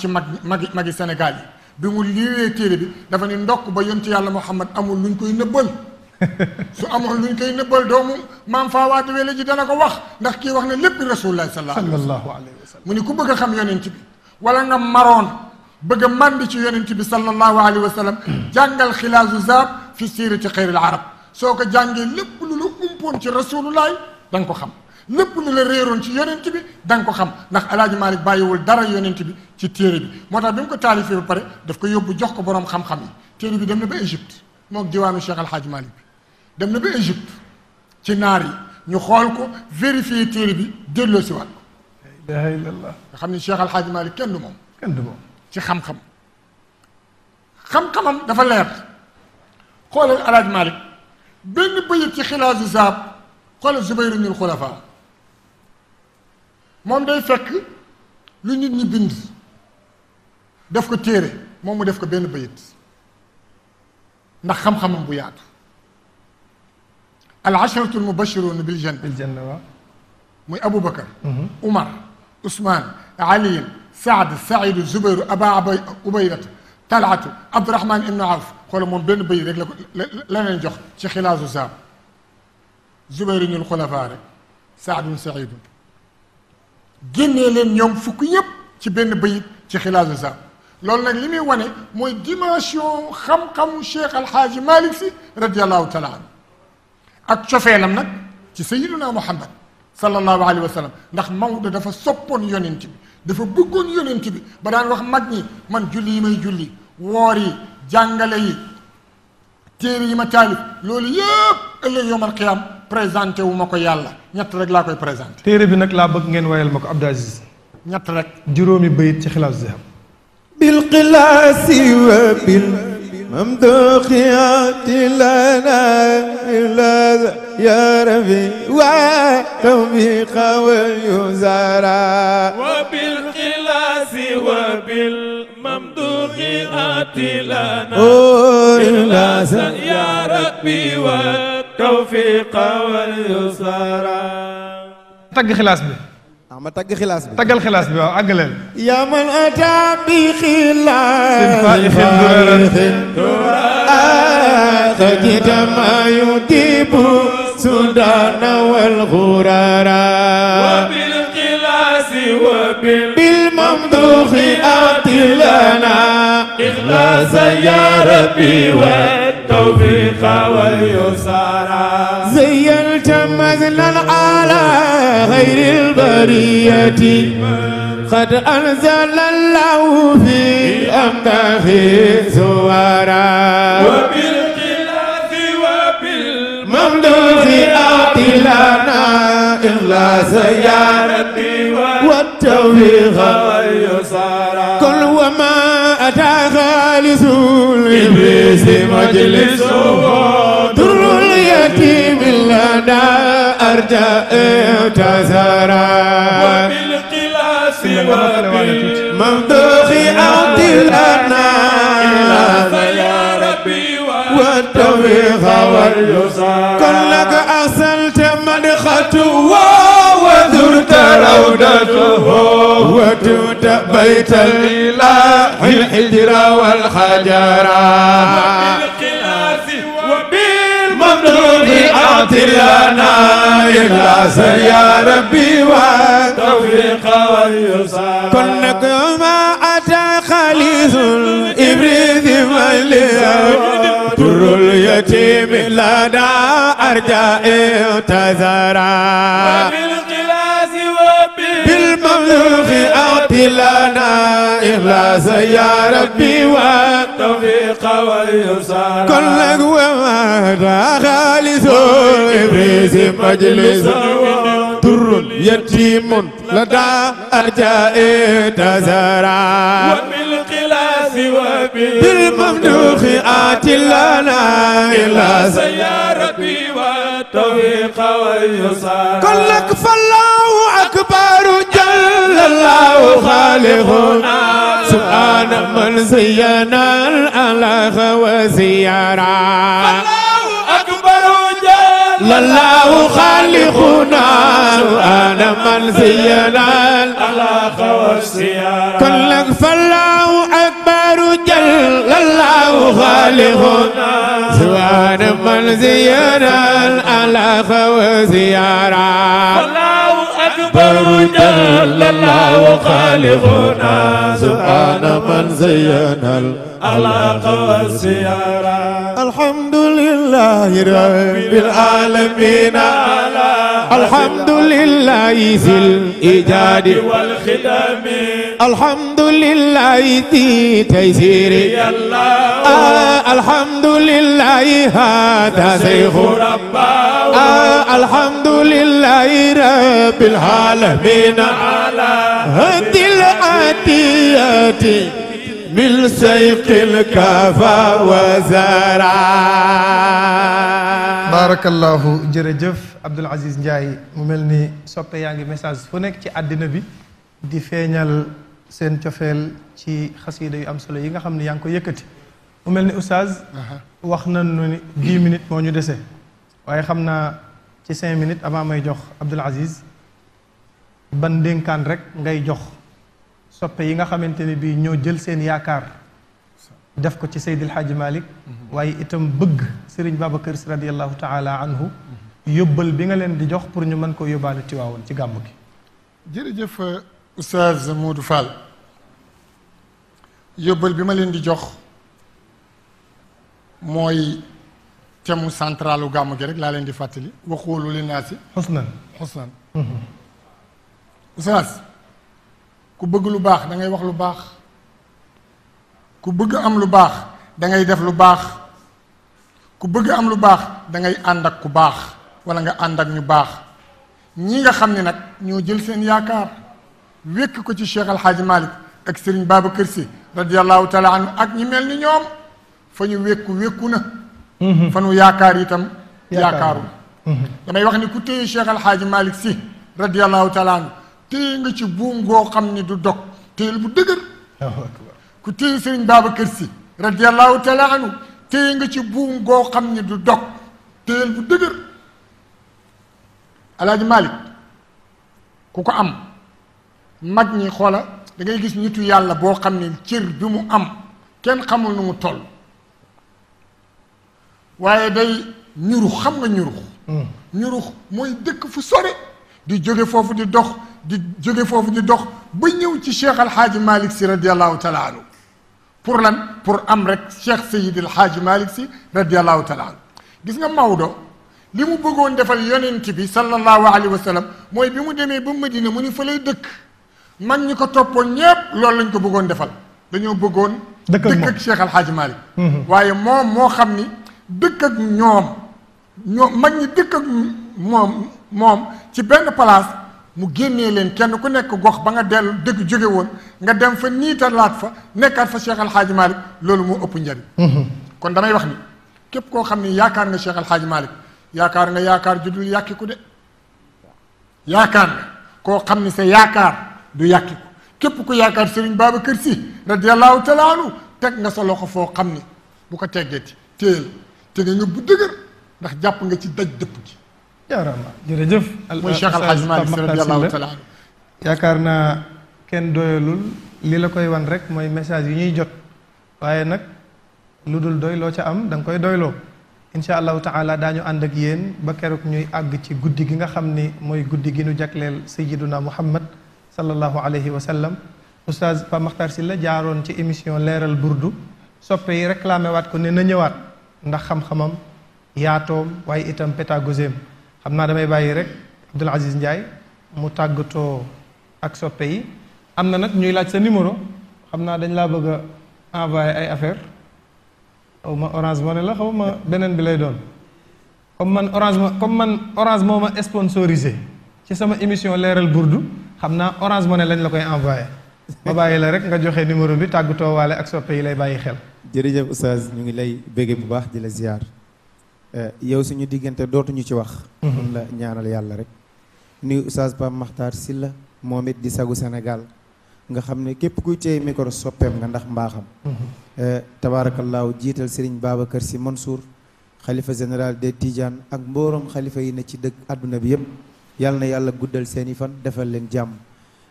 ci mag magi magi Sénégal yi bi mu liiwee téere bi dafa ni ndokk ba yontu yàlla Muhammad amul luñ koy nëbbal su amoon luñ koy nëbbal doomu maam faawaate wele ji dana ko wax ndax kii wax ne lépp rasulullah sallallahu alayhi wa sallam mu ni ku bëgg a xam yonent bi wala nga maroon bëgg a màndi ci yonent bi sallallahu alayhi wa sallam jàngal xilaasu zaab fi siirati xayril arab soo ko jàngee lépp lu la umpoon ci rasulullah da nga ko xam lépp mu la réeroon ci yonent bi da ko xam ndax alaaji Malick bàyyiwul dara yonent bi ci téere bi moo tax bi mu ko taalifee ba pare daf ko yóbbu jox ko borom xam-xam yi téere bi dem na ba Égypte mook diwaanu Cheikh Alhaaji Malick bi dem na ba Égypte ci naar yi ñu xool ko vérifier téere bi delloo si xam ne Cheikh Alhaaji Malick kenn du moom kenn du moom ci xam-xam xam dafa leer xoolal alaaji Malick benn bëyit ci xilaasu zaab xoolal Zubayru nil xulafaa moom day fekk lu nit ñi bind def ko téere moom mu def ko benn bayit ndax xam-xamam bu yaatu al asharatu al mubashiruna bil janna bil janna waaw muy Aboubacar mhm. Umar Ousmane Ali Saad Saïd Zubairu Aba Abay Ubaydata Talatu Abdourahman ibnu Awf xoola moom benn bayit rek la ko la leen jox ci xilaasu saab Zubairu ñul xulafaa rek Saadun Saïdun génnee leen ñoom fukk yépp ci benn bayit ci xilaasu saam loolu nag li muy wane mooy dimension xam-xamu cheikh alxaaji malik si radiallahu taala anhu ak cofeelam nag ci sayiduna muhammad sallallahu alayhi wa sallam ndax Maodo dafa soppoon yonent bi dafa bëggoon yonent bi ba daan wax mag ñi man julli yi may julli woor yi jàngale yi téere yi ma taalif loolu yépp ëllëg yowmal qiyaam présenté wu ma ko yàlla ñett rek laa koy présenté. téere bi nag laa bëgg ngeen wayal ma ko Abdou Aziz. ñett rek. juróomi bayit ci xilaas zahab. bil xilaasi wa bil mamduxiyaati lana ilaa ya rabbi wa tawfiqa wa yuzara. wa bil xilaasi wa bil mamduxiyaati lana oh, ilaa ya rabbi wa tawfiqa wal yusra tagg xilaas bi ah, ma tagg xilaas bi taggal xilaas bi waaw àggaleel yaa man ataa bi xilaas سودان والغرارا وبالقلاس وبالممدوح أعطي لنا إخلاص يا ربي وبالممدوح التوفيق واليسار زينت مزلا على غير البرية قد أنزل الله في أمده زوارا وبالخلاف وبالممدوح أعطي لنا إلا زيارتي والتوفيق واليسار كل وما أتى مجلس الإبليس مجلس در اليتيم لنا أرجاء تزارا وبالقلاس وبالممدوخ أعطلنا يا ربي والتوفيق واليسار كلك أصلت مدخته وزرت روضته وتوت بيت الإله الحجر والحجر وبالقلاس وبالممدود أعطينا إخلاص يا ربي وتوفيق واليسار كنك ما أتى خليز الإبريد مليا در اليتيم لدى أرجاء تزرع وبالقلاس البلوغ أعطي لنا إخلاص يا ربي والتوفيق واليسار كل قوة خالص إبليس مجلس در يتيم لدى أرجاء تزرع وبالقلاس وبالممدوخ آتي لنا إخلاص يا ربي والتوفيق واليسار كلك فالله أكبر جل الله خالقنا سبحان من زينا الأله وزيارا الله أكبر جل الله خالقنا سبحان من زينا الأله وزيارا كلك فالله أكبر جل الله خالقنا سوان من زيارا على وزيارا الله أكبر جل الله خالقنا سبحان من زينا الأخلاق والزيارة الحمد لله رب العالمين الحمد لله ذي الإيجاد والخدام الحمد لله ذي تيسير آه الحمد لله هذا شيخ رباه آه الحمد لله رب العالمين على هدي الآتيات من سيق الكفى وزرع baarakallaahu jërëjëf Abdoul Aziz Ndiaye mu mel ni soppe yaa ngi message fu nekk ci àddina bi di feeñal seen cofeel ci xasiida yu am solo yi nga xam ne yaa ngi ko yëkkati mu mel ni oustaz wax nañu ni dix minutes moo ñu dese waaye xam naa ci cinq minutes avant may jox Abdoul Aziz ban dénkaan rek ngay jox soppe yi nga xamante ne bii ñoo jël seen yaakaar def ko ci Seydil Hadji Malick waaye itam bëgg Serigne Babacar Sy radiyallahu taala anhu yóbbal bi nga leen di jox pour ñu mën koo yóbbaale Tiwaawoon ci gàmmu gi jërëjëf Oustaz Modou Fall yóbbal bi ma leen di jox mooy thème centralu gàmmu gi rek laa leen di fàttali waxoolu li naa si xusnan xusnan Oustaz ku bëgg lu baax da wax lu baax ku bëgg am lu baax dangay def lu baax ku bëgg am lu baax dangay ngay ànd ak ku baax wala nga ànd ak ñu baax ñi nga xam ni nag ñoo jël seen yaakaar wékk ko ci Cheikh Al Hadj Malick ak Serigne Babacar Sy radiyallahu taala anhu ak ñi mel ni ñoom fa ñu wékku wékku na. Mm-hmm. fa nu yaakaar itam. yaakaaru mm-hmm. damay wax ni ku téye Cheikh Al Hadj Malick Sy radiyallahu taala anhu téye nga ci buum goo xam ni du dog téyel bu dëgër. ku téye sëriñ Babacar Sy radiyallahu taala anhu téye nga ci buum goo xam ni du dog téyel bu dëgër alaaji Malick ku ko am mag ñi xoola dangay gis nitu yàlla boo xam ne cër bi mu am kenn xamul nu mu toll waaye day ñurux xam nga ñurux hmm. ñurux mooy dëkk fu sore di jóge foofu di dox di jóge foofu di dox ba ñëw ci cheikh alxaaji Malick si radiallahu taala pour lan pour am rek Cheikh Seydil Hadji Malick Sy radiallahu taala anhu gis nga Maodo li mu bëggoon defal yonent bi sallallahu alayhi wa sallam mooy bi mu demee ba Medina mu ni fa lay dëkk mag ñi ko toppoon ñépp loolu lañ ko bëggoon defal dañoo bëggoon dëkk ak Cheikh Al Hadji mhm. waaye moom moo xam ni dëkk ak ñoom mag ñi dëkk ak moom moom ci benn place mu génnee leen kenn ku nekk gox ba nga dell dëgg jóge woon nga dem fa niitalaat fa nekkaat fa Cheikh Al Hadj loolu moo ëpp njariñ. Mhm. kon damay wax ni képp koo xam ni yaakaar nga Cheikh Al Hadj yaakaar nga yaakaar ju dul yàkkiku de yaakaar nga koo xam ni sa yaakaar du yàkkiku képp ku yaakaar Serigne Babacar si radiyallahu taala anhu teg nga sa loxo foo xam ni bu ko teggeeti téyel te nga bu dëgër ndax jàpp nga ci daj dëpp gi. jaaraama jërëjëf. muy Cheikh Al Hadj yaakaar naa kenn doyalul li koy wan rek mooy message yi ñuy jot waaye nag lu dul doy loo ca am da nga koy doyloo incha allahu taala daañu ànd ak yéen ba keroog ñuy àgg ci guddi gi nga xam ni mooy guddi gi nu jagleel sayyiduna muhammad sallallahu alayhi wa sallam oustaz Pa Makhtar Sylla jaaroon ci émission leeral burdu soppe yi réclamé waat ko ne na ñëwaat ndax xam-xamam yaatoom waaye itam pédagogie xam naa damay bàyyi rek Abdoul Aziz Ndiaye mu tàggatoo ak soppe yi am na nag ñuy laaj sa numéro xam naa dañ laa bëgg envoyé ay affaire xaw ma orange moo ne la xaw beneen bi lay doon comme man orange comme man orange moo ma sponsorisé ci sama émission leeral burdu xam naa orange moo ne lañ la koy envoyé ma bàyyi la rek nga joxe numéro bi tàggatoo waale ak soppe yi lay bàyyi xel jërëjëf oustaz ñu ngi lay béggee bu baax di la ziar Eh, yow suñu diggante dootuñu ci wax. mun mhm. la ñaanal yàlla rek. nuyu Oustaz Pape Makhtar Sylla moom it di sagu senegal nga xam ne képp kuy téye micro nga ndax mbaaxam. Mhm. Eh, tabaarakallaahu jiital Serigne Babacar Sy Mansour. xalifa général de Tidiane ak mbooroom xalifa yi ne ci dëkk àdduna bi yëpp yal na yàlla guddal seeni fan defal leen jàmm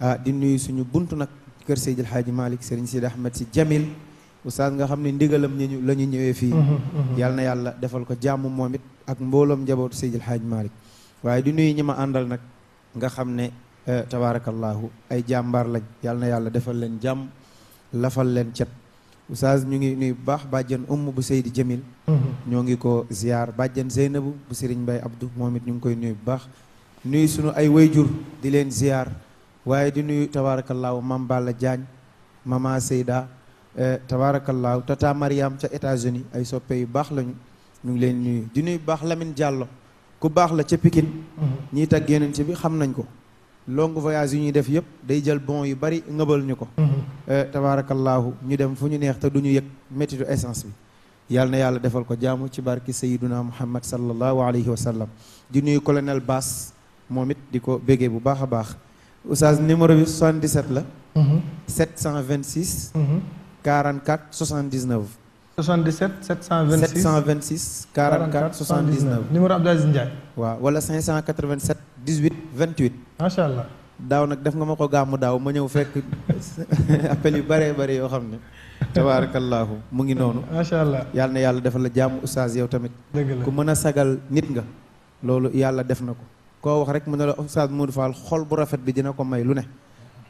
ah di nuyu suñu bunt nag kër Seydil Hadji Malick Serigne Sidi Ahmed ci Jamil oustaz nga xam ne ndigalam ñu la ñu ñëwee fii mm-hmm, mm-hmm. yal na yàlla defal ko jàmm moom it ak mbooloom njabootu Seydil Hadj Malick waaye ñi ma àndal nag nga xam ne eh, tabaarakallaahu ay jàmbaar lañ yal yàlla defal leen jàmm lafal leen cet oustaz ñu ngi nuyu bu baax bàjjen umm bu Seydi Jamil mm-hmm. ñoo ngi ko ziar bàjjen Zeynabu bu Serigne Mbaye Abdou moom ñu ngi koy nuyu bu baax nuyu sunu ay wayjur di leen ziar waaye di nuyu tabaarakallaahu mam Balla Diagne mama Seyda Eh, tabaarakallaahu tata Mariam ca États-Unis ay soppe yu baax lañu ñu ngi leen nuyu di nuyu baax Lamine jàllo ku baax la ca Pikine mm-hmm. ñiy tag yonent bi xam nañ ko long voyage yu ñuy def yëpp day jël bon yu bari ngëbal ñu ko mm-hmm. eh, tabaarakallaahu ñu dem fu ñu neex te du ñu yëg méttitu essence bi yal na yàlla defal ko jaamu ci barki sayiduna muhammad sallallahu alayhi wa sallam di nuyu colonel baas moom it di ko bégee bu baax a baax oustaz numéro bi 77 la 726 mm-hmm. 44 79. 77 726 726 44 79. numéro Abdou Aziz Ndiaye. waaw wala 587 18 28. macha allah. daaw nag def nga ma ko gàmmu daaw ma ñëw fekk appel yu bëree bëri yoo xam ne tabaarakallaahu mu ngi noonu macha allah yàlla na yàlla defal la jàmm oustaz yow tamit dëgg la ku mën a sagal nit nga loolu yàlla def na ko koo wax rek mu ne la oustaz Modou Fall xol bu rafet bi dina ko may lu ne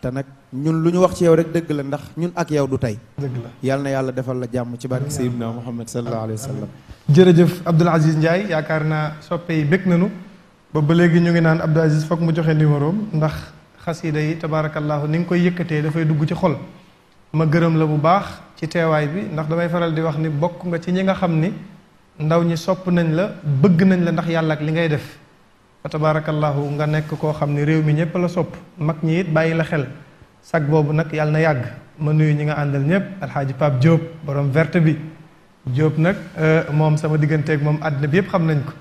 te nag ñun lu ñu wax ci yow rek dëgg la ndax ñun ak yow du tey. dëgg la yal na yàlla defal la jàmm ci barke Seydina Muhammad sallallahu alayhi wa sallam. jërëjëf Abdoul Aziz Ndiaye yaakaar naa soppe yi bég nañu ba ba léegi ñu ngi naan Abdoul Aziz foog mu joxe numéro ndax xasida yi tabaarakallaahu ni nga koy yëkkatee dafay dugg ci xol. ma gërëm la bu baax ci teewaay bi ndax damay faral di wax ni bokk nga ci ñi nga xam ni ndaw ñi sopp nañ la bëgg nañ la ndax yàlla ak li ngay def. fa tabaarakallaahu nga nekk koo xam ne réew mi ñëpp la sopp mag ñi it bàyyi la xel sag boobu nag yàlla na yàgg ma nuyu ñi nga àndal ñëpp alxaaji Pape jóob boroom verte bi jóob nag euh, moom sama diggante ak moom àddina bi yëpp xam nañ ko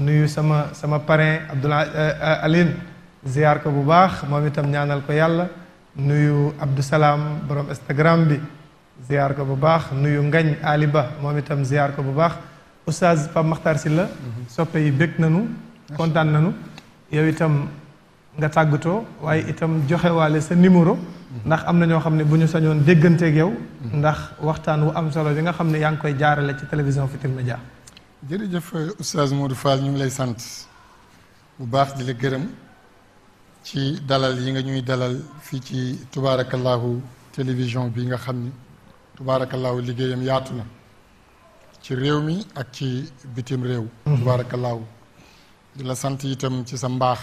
nuyu sama sama parrain Abdoulaye euh, euh, Aline ziar ko bu baax moom itam ñaanal ko yàlla nuyu Abdou Salaam borom Instagram bi ziar ko bu baax nuyu Ngañ Ali moom itam ziar ko bu baax oustaz Pape Makhtar Sylla mhm. soppe yi bég nanu kontaan nanu yow itam nga tàggatoo waaye itam joxewaale sa numéro ndax am na ñoo xam ne bu ñu sañoon dégganteek yow ndax waxtaan wu am solo bi nga xam ne yaa ngi koy jaarale ci télévision Futurs Médias jërëjëf Oustaz Modou Fall ñu ngi lay sant bu baax di la gërëm ci dalal yi nga ñuy dalal fii ci tubaarakallaahu télévision bi nga xam ni tubaarakallaahu liggéeyam yaatu na ci réew mi ak ci bitim réew mhm. tubaarakallaahu di la sant itam ci sa mbaax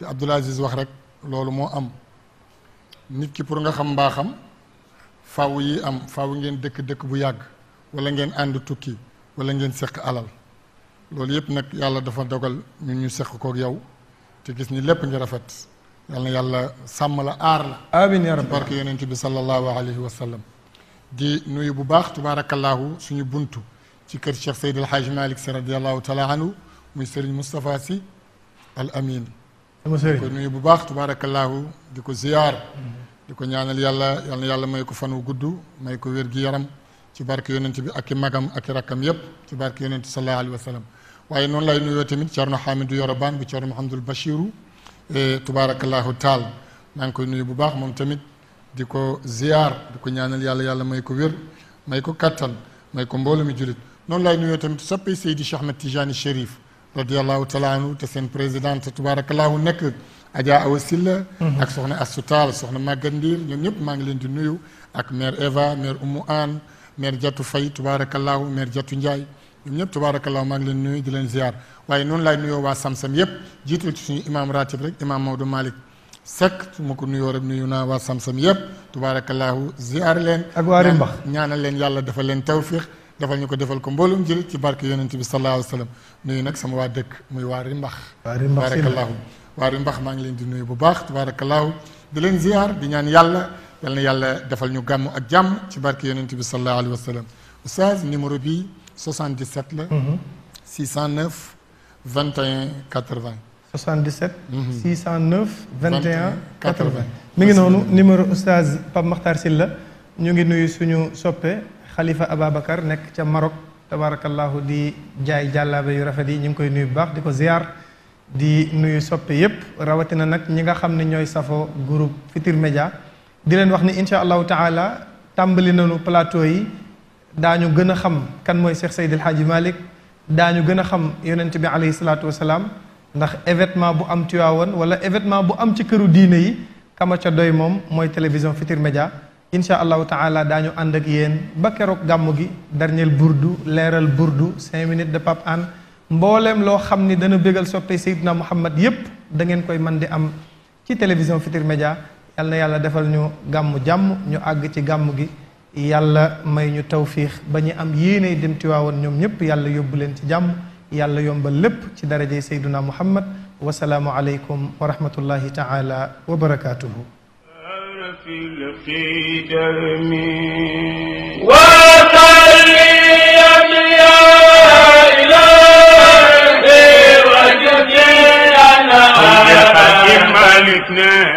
li Abdoul Aziz wax rek loolu moo am nit ki pour nga xam mbaaxam faw yi am faw ngeen dëkk dëkk bu yàgg wala ngeen ànd tukki wala ngeen seq alal loolu yëpp nag yàlla dafa dogal ñu ñu seq kook yow te gis ni lépp ngi rafet yal na yàlla sàmm la aar la amiin yaa rabbi barke yonent bi sallallahu alayhi wa sallam di nuyu bu baax tubaarakallaahu suñu buntu ci kër Cheikh Seydil Hadj Malick Sy radiallahu taala anhu muy Serigne Moustapha Sy al Amin. di ko nuyu bu baax tubaarakallaahu di ko ziyaar. di ko ñaanal yàlla yal yàlla may ko fan wu gudd may ko wér yaram ci barke yonent bi ak i magam ak i rakkam yépp ci barke yonent sallallahu alayhi wa waaye noon lay nuyoo tamit Thierno Hamidou Yoroban bu Thierno Mouhamadul Bachirou eh, tubaarakallaahu taal maa ngi koy nuyu bu baax moom tamit di ko ziyaar di ko ñaanal yàlla yàlla may ko wér may ko kattan may ko mbooloo mi jullit noonu lay nuyoo tamit soppay Seydi Cheikh Ahmed Tijani radiallahu taala anhu te seen présidente tabarakallahu nekk Adja Awa Silla mhm. ak soxna Astou Tall soxna Maguette Ndiir ñoom ñëpp maa ngi leen di nuyu ak mère Eva mère Oumou Anne mère Diatou Faye tabarakallahu meer Diatou Ndiaye ñoom ñëpp tabarakallahu maa ngi leen nuyu di leen ziar waaye noonu laay nuyoo waa Samsam yëpp jiitul ci suñu imam ratib rek imam Maodo Malick Seck su ma ko nuyoo rek nuyu naa waa Samsam yëpp tabarakallahu ziar leen ak waa ñaanal leen yàlla dafa leen tawfiq defal ñu ko defal ko mboolum jël ci barke yonent bi sallallahu alayhi wa sallam nuyu nag sama waa dëkk muy waa Rimbax baarakallaahu waa Rimbax maa ngi leen di nuyu bu baax tabaarakallaahu di leen ziyaar bi ñaan yàlla yàlla defal ñu gàmm ak jàmm ci barke yonent bi sallallahu alayhi wa sallam oustaz numéro bi 77 la 609 21 80 77 609 21 80 mi ngi noonu numéro oustaz Pape Makhtar Sylla ñu ngi nuyu suñu soppe xalifa Ababacar nekk ca Maroc tabaarakallaahu di jaay jàllaabe yu rafet yi ñu ngi koy nuyu bu baax di ko ziar di nuyu soppe yépp rawatina nag ñi nga xam ne ñooy safo groupe Futurs Médias di leen wax ni incha allahu taala tàmbali nanu plateau yi daañu gën a xam kan mooy Cheikh Seydil Hadji Malick daañu gën a xam yonent bi alayhi salaatu wasalaam ndax événement bu am Tiwaawan wala événement bu am ci këru diine yi kama ca doy moom mooy télévision Futurs incha allahu taala daañu ànd ak yéen ba keroog gàmm gi dernier burdu leeral burdu cinq minutes de Pape Hann mbooleem loo xam ni dana bégal soppe Seydina Muhammad yépp da ngeen koy man di am ci télévision Futurs Médias yal na yàlla defal ñu gàmm jàmm ñu àgg ci gàmm gi yàlla may ñu tawfiix ba ñu am yéene dem Tiwaawan ñoom ñëpp yàlla yóbbu leen ci jàmm yàlla yombal lépp ci darajey Seydina Muhammad wasalaamu aleykum wa rahmatullahi taala wa barakaatuhu في القدم وتليم يا إلهي وجدي أنا أجملتنا